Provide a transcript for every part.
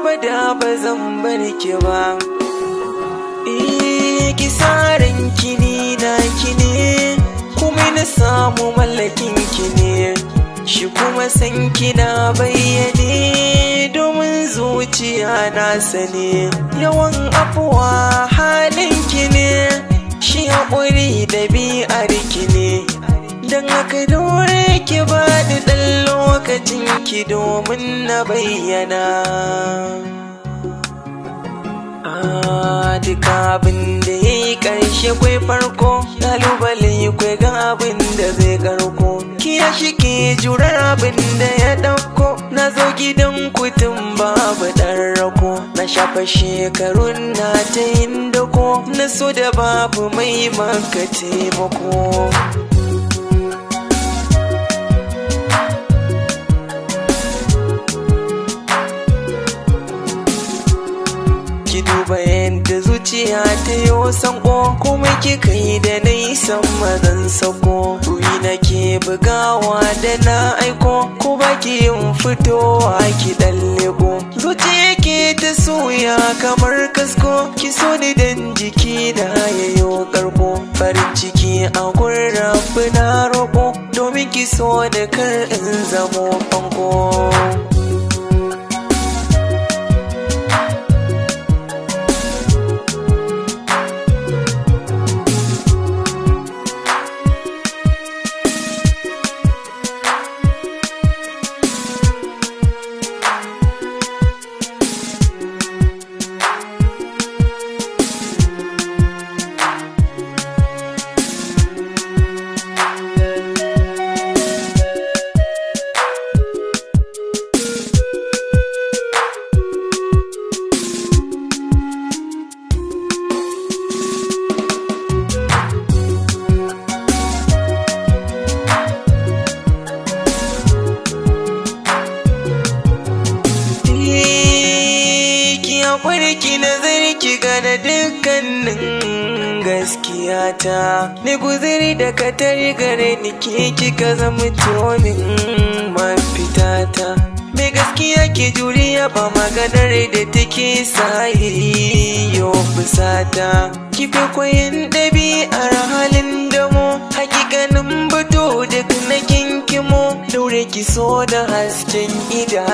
abada ba zan bar ki ba eh, ki sarin kini na ne. kuma na samu mallakin ne. shi kuma san na bayyane domin zuciya na sane. yawan afuwa halin kini shi haƙuri da riki ne. don haka dore ki ba jinki domin na bayyana duka abin da ya yi ƙarshe kwai farko ƙalubale kwai ga abin da zai garko kiya shi ke jurar abin da ya ɗauko na zo gidan kutun babu ɗan rako na shafa shekarun na ta yin dako na so da babu mai maka taimako zuciya ta yo sanko kuma kika yi da na nisan mazan sako ruhi na ke bugawa da na aiko ko ki yin fitowa ki ɗallego zuciya ke ta soya kamar kasko ki so ni dan jiki da yayo karko farin ciki a gurra na roƙo domin ki so da kar in zamo fanko farki na ki gane dukkanin gaskiya ta ni guziri da tari gare ni ke kika zama tomin mafita ta mai gaskiya ke juriya ba maganar da take sa'i yo fusata ki kwaikwayin a halin damo hakikanin bato da na kimo daure ki so da hasken ida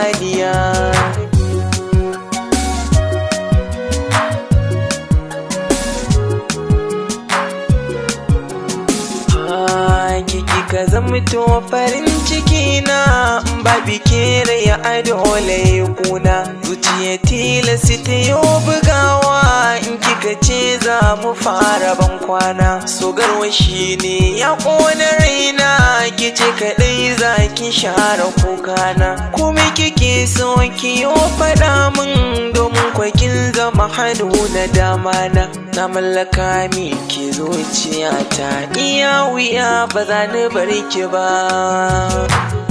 kiki ka zamto farin ciki na ba bike ya adole kuna zuciya tilasi ta yo bugawa in kika ce za mu fara ban kwana sogarwa shi ne ya kona raina kici kaɗai za ki share na, kuma kike so ki yo A hannu na dama na na mallaka mi ke zuciyata iya wuya ba za ni bari ki ba